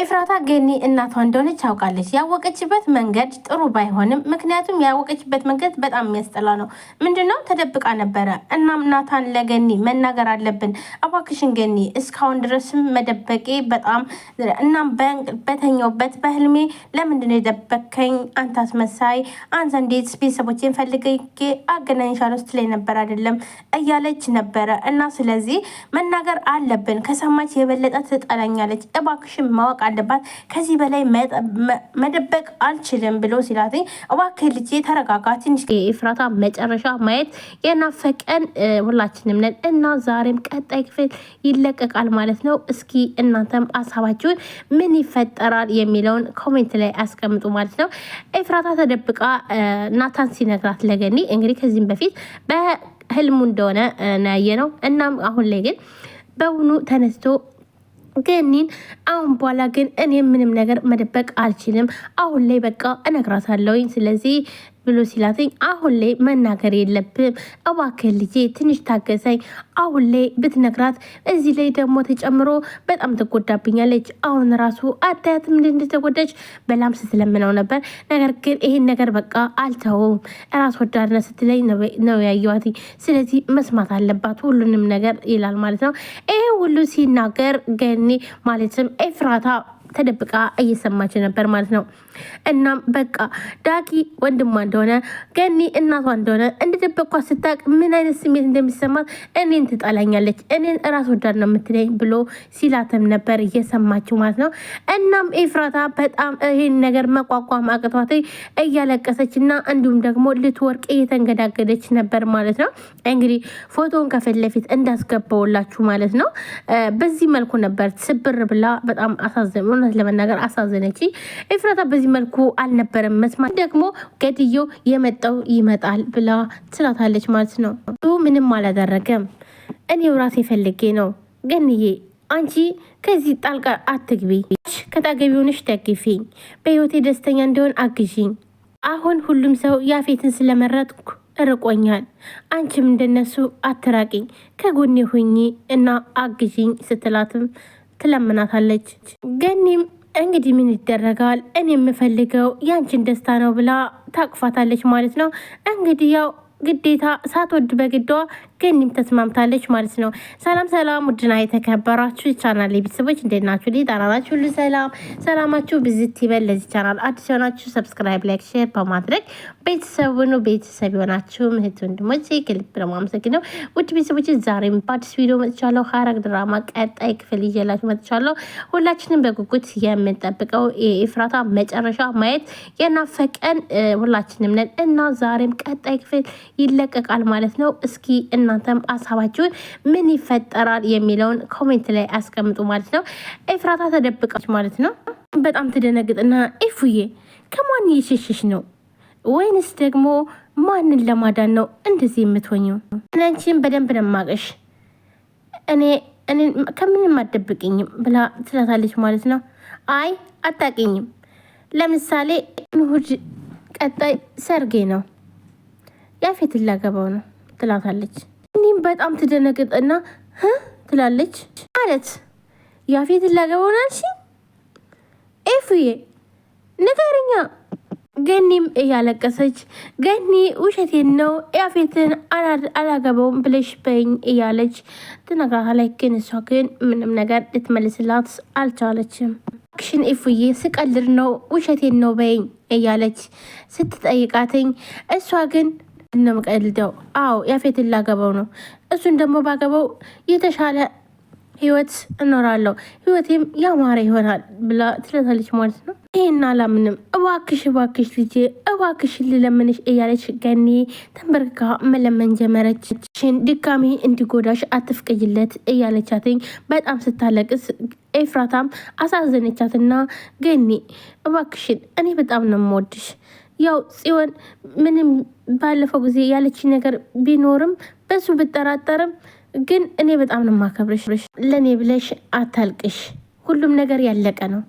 ኤፍራታ ገኒ እናቷ እንደሆነች ያውቃለች። ያወቀችበት መንገድ ጥሩ ባይሆንም ምክንያቱም ያወቀችበት መንገድ በጣም የሚያስጠላ ነው። ምንድነው ተደብቃ ነበረ። እናም እናቷን ለገኒ መናገር አለብን፣ እባክሽን ገኒ፣ እስካሁን ድረስም መደበቄ በጣም እናም በተኛውበት በህልሜ ለምንድነው የደበከኝ? አንተ አስመሳይ፣ አንተ እንዴት ቤተሰቦቼን ፈልጌ አገናኝሻለሁ ላይ ነበር አይደለም እያለች ነበረ። እና ስለዚህ መናገር አለብን፣ ከሰማች የበለጠ ትጠላኛለች። እባክሽን ማወቅ አለባት። ከዚህ በላይ መደበቅ አልችልም ብሎ ሲላት፣ እባክህ ልጄ ተረጋጋ። ትንሽ የኤፍራታ መጨረሻ ማየት የናፈቀን ሁላችንም ነን እና ዛሬም ቀጣይ ክፍል ይለቀቃል ማለት ነው። እስኪ እናንተም አሳባችሁን ምን ይፈጠራል የሚለውን ኮሜንት ላይ አስቀምጡ ማለት ነው። ኤፍራታ ተደብቃ ናታን ሲነግራት ለገኒ እንግዲህ ከዚህም በፊት በህልሙ እንደሆነ ናየ ነው። እናም አሁን ላይ ግን በውኑ ተነስቶ ገኒን አሁን በኋላ ግን እኔ ምንም ነገር መደበቅ አልችልም። አሁን ላይ በቃ እነግራታለሁኝ። ስለዚህ ብሎ ሲላተኝ አሁን ላይ መናገር የለብም እባክህ ልጄ ትንሽ ታገሰኝ። አሁን ላይ ብትነግራት እዚህ ላይ ደግሞ ተጨምሮ በጣም ትጎዳብኛለች። አሁን ራሱ አታያትም እንደተጎዳች በላም ስትለምነው ነበር። ነገር ግን ይሄን ነገር በቃ አልተውም ራስ ወዳድነት ስትለኝ ነው ያየዋት። ስለዚህ መስማት አለባት ሁሉንም ነገር ይላል ማለት ነው። ይሄ ሁሉ ሲናገር ገኒ ማለትም ኤፍራታ ተደብቃ እየሰማች ነበር ማለት ነው። እናም በቃ ዳኪ ወንድሟ እንደሆነ ገኒ እናቷ እንደሆነ እንደደበኳ ስታቅ ምን አይነት ስሜት እንደሚሰማት እኔን ትጠላኛለች፣ እኔን እራስ ወዳድ ነው የምትለኝ ብሎ ሲላትም ነበር እየሰማችው ማለት ነው። እናም ኤፍራታ በጣም ይህን ነገር መቋቋም አቅቷት እያለቀሰች እና እንዲሁም ደግሞ ልትወርቅ እየተንገዳገደች ነበር ማለት ነው። እንግዲህ ፎቶን ከፊት ለፊት እንዳስገባውላችሁ ማለት ነው። በዚህ መልኩ ነበር ስብር ብላ በጣም አሳዘ እውነት ለመናገር አሳዘነች ኤፍራታ በዚህ በዚህ መልኩ አልነበረም መስማት ደግሞ ገድዮ የመጣው ይመጣል ብላ ትላታለች ማለት ነው። ምንም አላደረገም፣ እኔው ራሴ ፈልጌ ነው። ገንዬ አንቺ ከዚህ ጣልቃ አትግቢ፣ ከጣገቢ ሆነሽ ደግፊኝ፣ በህይወቴ ደስተኛ እንዲሆን አግዥኝ። አሁን ሁሉም ሰው ያፌትን ስለመረጥኩ እርቆኛል። አንቺም እንደነሱ አትራቂኝ፣ ከጎኔ ሁኚ እና አግዥኝ ስትላትም ትለምናታለች ገኒም እንግዲህ ምን ይደረጋል? እኔ የምፈልገው ያንቺን ደስታ ነው ብላ ታቅፋታለች ማለት ነው። እንግዲህ ያው ግዴታ ሳትወድ በግዷ ገኒም ተስማምታለች ማለት ነው። ሰላም ሰላም፣ ውድና የተከበራችሁ ቻናል ቤተሰቦች እንዴት ናችሁ? ሊ ጣናላችሁ ሁሉ ሰላም ሰላማችሁ ብዝት ይበል። ለዚህ ቻናል አዲስ የሆናችሁ ሰብስክራይብ፣ ላይክ፣ ሼር በማድረግ ቤተሰቡን ቤተሰብ የሆናችሁ ምህት ወንድሞች ክልብ ነው የማመሰግነው። ውድ ቤተሰቦች ዛሬም በአዲስ ቪዲዮ መጥቻለሁ። ሐረግ ድራማ ቀጣይ ክፍል ይዤላችሁ መጥቻለሁ። ሁላችንም በጉጉት የምንጠብቀው የኤፍራታ መጨረሻ ማየት የናፈቀን ሁላችንም ነን እና ዛሬም ቀጣይ ክፍል ይለቀቃል ማለት ነው። እስኪ እና እናንተም ሀሳባችሁን ምን ይፈጠራል የሚለውን ኮሜንት ላይ አስቀምጡ ማለት ነው። ኤፍራታ ተደብቃች ማለት ነው። በጣም ትደነግጥና ኤፉዬ ከማን እየሸሸሽ ነው ወይንስ ደግሞ ማንን ለማዳን ነው እንደዚህ የምትሆኝው? አንቺን በደንብ ነማቀሽ እኔ ከምንም አደብቅኝም ብላ ትላታለች ማለት ነው። አይ አታውቂኝም። ለምሳሌ እሑድ ቀጣይ ሰርጌ ነው፣ ያፌትን ላገባው ነው ትላታለች። እኔም በጣም ትደነግጥና ትላለች ማለት ያፌት ላገባው ነው ኤፍዬ ንገርኛ። ገኒም እያለቀሰች ገኒ ውሸቴን ነው ያፌትን አላገበውም ብለሽ በኝ እያለች ትነግራታለች። ግን እሷ ግን ምንም ነገር ልትመልስላት አልቻለችም። ክሽን ኤፍዬ ስቀልድ ነው ውሸቴን ነው በኝ እያለች ስትጠይቃትኝ እሷ ግን ነው ምቀልደው። አዎ ያፌትን ላገበው ነው። እሱን ደግሞ ባገበው የተሻለ ህይወት እኖራለሁ፣ ህይወቴም ያማረ ይሆናል ብላ ትለታለች ማለት ነው። ይህን አላምንም፣ እባክሽ እባክሽ ልጄ እባክሽ ልለምንሽ እያለች ገኒ ተንበርካ መለመን ጀመረች። ሽን ድጋሚ እንዲጎዳሽ አትፍቀይለት እያለቻትኝ በጣም ስታለቅስ ኤፍራታም አሳዘነቻትና ገኒ እባክሽን እኔ በጣም ነው የምወድሽ ያው ጽዮን ምንም ባለፈው ጊዜ ያለች ነገር ቢኖርም በሱ ብጠራጠርም ግን እኔ በጣም ነው ማከብርሽ። ለእኔ ብለሽ አታልቅሽ። ሁሉም ነገር ያለቀ ነው።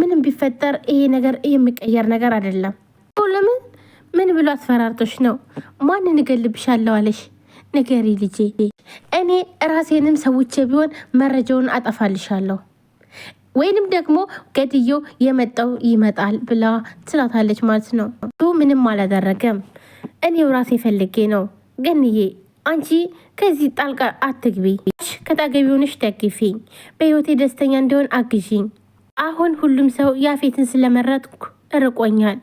ምንም ቢፈጠር ይሄ ነገር የሚቀየር ነገር አይደለም። ለምን ምን ብሎ አስፈራርቶሽ ነው? ማን እገልብሻለሁ አለሽ? ነገሪ ልጄ። እኔ ራሴንም ሰውቼ ቢሆን መረጃውን አጠፋልሻለሁ። ወይንም ደግሞ ገድዮ የመጣው ይመጣል ብላ ትላታለች ማለት ነው። ምንም አላደረገም፣ እኔው ራሴ ፈልጌ ነው። ገንዬ አንቺ ከዚህ ጣልቃ አትግቢ፣ ከጣገቢ ደግፊኝ፣ በህይወቴ ደስተኛ እንዲሆን አግዥኝ። አሁን ሁሉም ሰው ያፌትን ስለመረጥኩ እርቆኛል።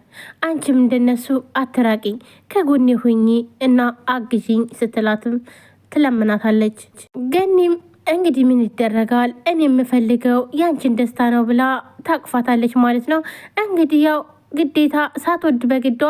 አንቺም እንደነሱ አትራቂኝ፣ ከጎኔ ሁኚ እና አግዥኝ ስትላትም ትለምናታለች ገኒም እንግዲህ ምን ይደረጋል፣ እኔ የምፈልገው ያንቺን ደስታ ነው ብላ ታቅፋታለች ማለት ነው እንግዲህ ያው ግዴታ ሳትወድ በግዷ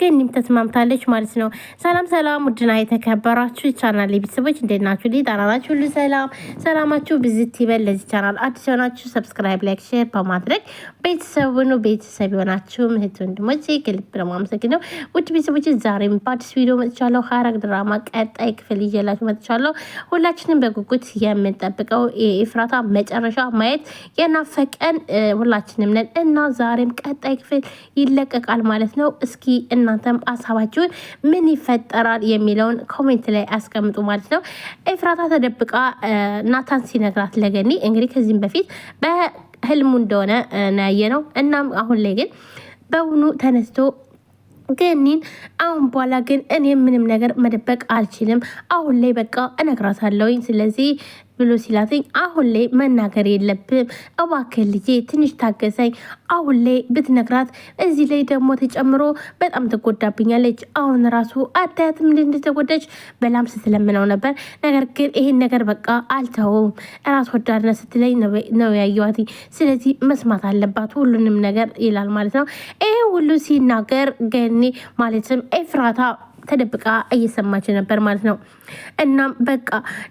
ገኒም ተስማምታለች ማለት ነው። ሰላም ሰላም፣ ውድና የተከበራችሁ ቻናል ቤተሰቦች እንዴት ናችሁ? ሊ ጣናላችሁ ሁሉ ሰላም ሰላማችሁ ብዝት ይበል። ለዚህ ቻናል አዲስ የሆናችሁ ሰብስክራይብ፣ ላይክ፣ ሼር በማድረግ ቤተሰቡን ቤተሰብ የሆናችሁ ምህት ወንድሞች ከልብ ነው የማመሰግነው። ውድ ቤተሰቦች ዛሬም በአዲስ ቪዲዮ መጥቻለሁ። ሐረግ ድራማ ቀጣይ ክፍል ይዤላችሁ መጥቻለሁ። ሁላችንም በጉጉት የምንጠብቀው የኤፍራታ መጨረሻ ማየት የናፈቀን ሁላችንም ነን እና ዛሬም ቀጣይ ክፍል ይለቀቃል ማለት ነው። እስኪ እናንተም አሳባችሁን ምን ይፈጠራል የሚለውን ኮሜንት ላይ አስቀምጡ ማለት ነው። ኤፍራታ ተደብቃ ናታን ሲነግራት ለገኒ እንግዲህ ከዚህም በፊት በህልሙ እንደሆነ ናየ ነው። እናም አሁን ላይ ግን በውኑ ተነስቶ ገኒን አሁን በኋላ ግን እኔ ምንም ነገር መደበቅ አልችልም። አሁን ላይ በቃ እነግራታለሁኝ። ስለዚህ ብሎ ሲላትኝ አሁን ላይ መናገር የለብም እባክህ ልጄ ትንሽ ታገሰኝ። አሁን ላይ ብትነግራት እዚህ ላይ ደግሞ ተጨምሮ በጣም ትጎዳብኛለች። አሁን ራሱ አታያትም እንደተጎዳች በላም ስትለምነው ነበር። ነገር ግን ይሄን ነገር በቃ አልተውም ራስ ወዳድነ ስትለኝ ነው ያየዋት። ስለዚህ መስማት አለባት ሁሉንም ነገር ይላል ማለት ነው። ይሄ ሁሉ ሲናገር ገኒ ማለትም ኤፍራታ ተደብቃ እየሰማች ነበር ማለት ነው። እናም በቃ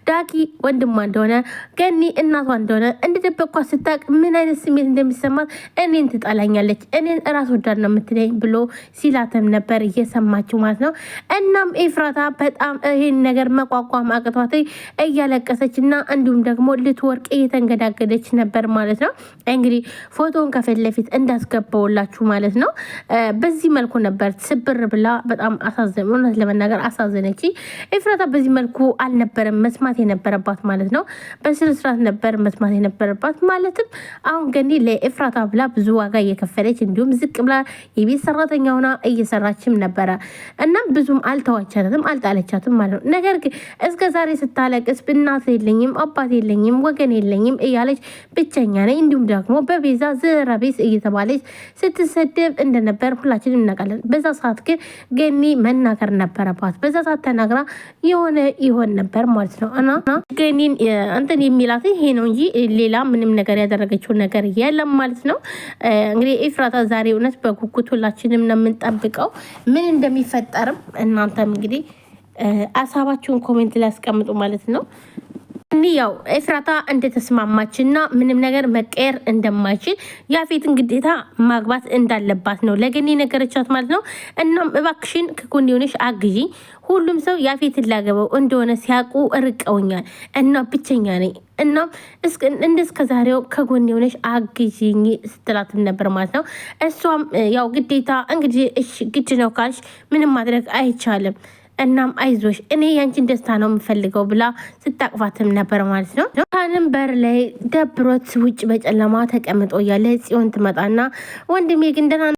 ዳጊ ወንድሟ እንደሆነ ገኒ እናቷ እንደሆነ እንደደበቅኳ ስታቅ ምን አይነት ስሜት እንደሚሰማት እኔን ትጠላኛለች፣ እኔን እራስ ወዳድ ነው የምትለኝ ብሎ ሲላተም ነበር እየሰማችው ማለት ነው። እናም ኤፍራታ በጣም ይህን ነገር መቋቋም አቅቷት እያለቀሰች እና እንዲሁም ደግሞ ልትወርቅ እየተንገዳገደች ነበር ማለት ነው። እንግዲህ ፎቶን ከፊት ለፊት እንዳስገባውላችሁ ማለት ነው። በዚህ መልኩ ነበር ስብር ብላ በጣም አሳዘኑ እውነት ለመናገር አሳዘነች። ኤፍራታ በዚህ መልኩ አልነበረም መስማት የነበረባት ማለት ነው። በስነስርዓት ነበር መስማት የነበረባት ማለትም አሁን ገኒ ለኤፍራታ ብላ ብዙ ዋጋ እየከፈለች እንዲሁም ዝቅ ብላ የቤት ሰራተኛ ሆና እየሰራችም ነበረ። እናም ብዙም አልተዋቻትም አልጣለቻትም ማለት ነው። ነገር ግን እስከ ዛሬ ስታለቅስ እናት የለኝም አባት የለኝም ወገን የለኝም እያለች ብቸኛ ነኝ እንዲሁም ደግሞ በቤዛ ዘረቤስ እየተባለች ስትሰደብ እንደነበር ሁላችንም እናውቃለን። በዛ ሰዓት ግን ገኒ መናገር መናገር ነበረባት። በዛ ሰዓት ተናግራ የሆነ ይሆን ነበር ማለት ነው። እና እንትን የሚላት ይሄ ነው እንጂ ሌላ ምንም ነገር ያደረገችው ነገር የለም ማለት ነው። እንግዲህ ኤፍራታ ዛሬ እውነት በጉጉት ሁላችንም ነው የምንጠብቀው ምን እንደሚፈጠርም። እናንተም እንግዲህ አሳባችሁን ኮሜንት ላይ ያስቀምጡ ማለት ነው። ያው ኤፍራታ እንደተስማማችና ምንም ነገር መቀየር እንደማይችል ያፌትን ግዴታ ማግባት እንዳለባት ነው ለገኒ ነገረቻት ማለት ነው። እናም እባክሽን ከጎን የሆነሽ አግዢ፣ ሁሉም ሰው ያፌትን ላገበው እንደሆነ ሲያውቁ ርቀውኛል እና ብቸኛ ነኝ። እናም እንደ እስከ ዛሬው ከጎን የሆነሽ አግዢኝ ስትላትም ነበር ማለት ነው። እሷም ያው ግዴታ እንግዲህ እሺ ግድ ነው ካልሽ ምንም ማድረግ አይቻልም እናም አይዞሽ እኔ ያንቺን ደስታ ነው የምፈልገው ብላ ስታቅፋትም ነበር ማለት ነው። ካንም በር ላይ ደብሮት ውጭ በጨለማ ተቀምጦ እያለ ጽዮን ትመጣና ወንድሜ ግን ደህና